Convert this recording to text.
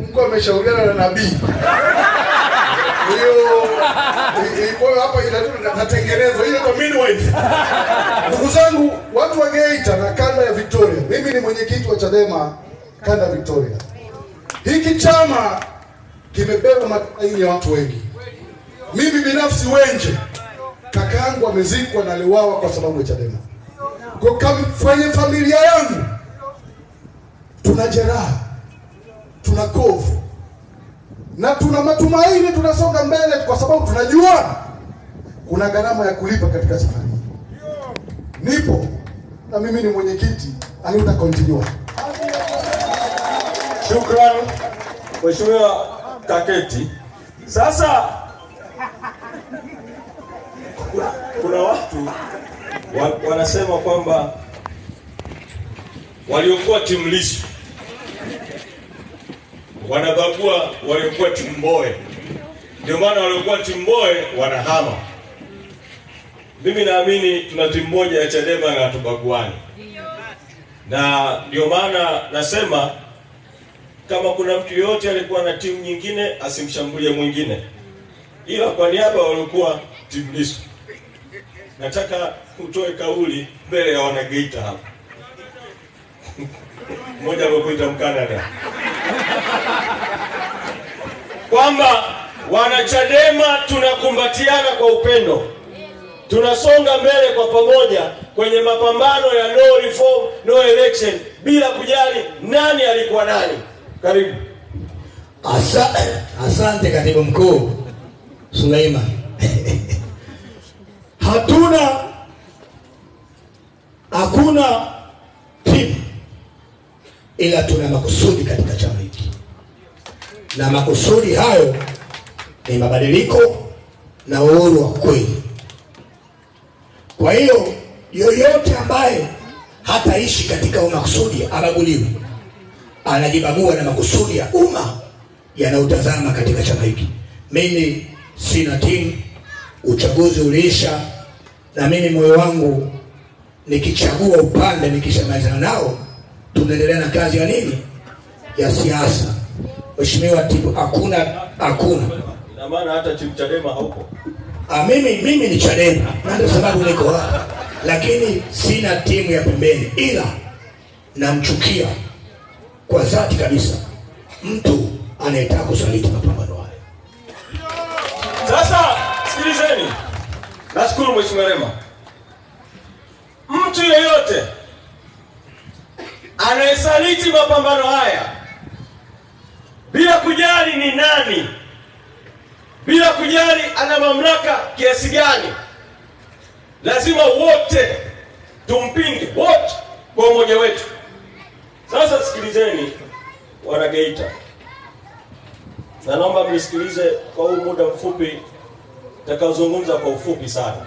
Mungu ameshauriana na nabii hiyo ilikuwa hapa inatengenezwa hiyo kwa meanwhile Ndugu zangu, watu wa Geita na kanda ya Victoria, mimi ni mwenyekiti wa Chadema kanda ya Victoria. Hiki chama kimebeba matumaini ya watu wengi, mimi binafsi Wenje kaka yangu amezikwa na aliwawa kwa sababu ya Chadema. Kwa kwenye familia yangu tuna jeraha tuna kovu na tuna matumaini, tunasonga mbele kwa sababu tunajua kuna gharama ya kulipa katika safari hii. Nipo na mimi ni mwenyekiti aliuta continue. Shukrani Mheshimiwa Kaketi. Sasa kuna, kuna watu wa, wanasema kwamba waliokuwa timlisi wanabagua waliokuwa Chumboe, ndio maana waliokuwa Chumboe wanahama. Mimi naamini tuna timu moja ya Chadema na tubaguani, na ndio maana nasema kama kuna mtu yoyote alikuwa na timu nyingine asimshambulie mwingine, ila kwa niaba waliokuwa timu Lissu nataka kutoe kauli mbele ya wanageita hapa mmoja alikuita mkanada kwamba wanachadema tunakumbatiana kwa upendo, tunasonga mbele kwa pamoja kwenye mapambano ya no reform, no election bila kujali nani alikuwa nani. Karibu. Asa, asante katibu mkuu Suleiman. Hatuna hakuna ila tuna makusudi katika chama hiki, na makusudi hayo ni mabadiliko na uhuru wa kweli. Kwa hiyo yoyote ambaye hataishi katika makusudi abaguliwi, anajibagua na makusudi ya umma yanayotazama katika chama hiki. Mimi sina timu, uchaguzi uliisha, na mimi moyo wangu nikichagua upande nikishamalizana nao tunaendelea na kazi ya nini ya siasa. Mheshimiwa Tibu, hakuna hakuna maana hata Chadema hauko. Ah, mimi mimi ni Chadema na ndio sababu niko hapa, lakini sina timu ya pembeni, ila namchukia kwa dhati kabisa mtu anayetaka kusaliti mapambano haya. Sasa sikilizeni, nashukuru Mheshimiwa rema mtu yeyote anayesaliti mapambano haya bila kujali ni nani, bila kujali ana mamlaka kiasi gani, lazima wote tumpinge, wote kwa umoja wetu. Sasa sikilizeni, Wanageita, na naomba mnisikilize kwa huu muda mfupi, nitakaozungumza kwa ufupi sana.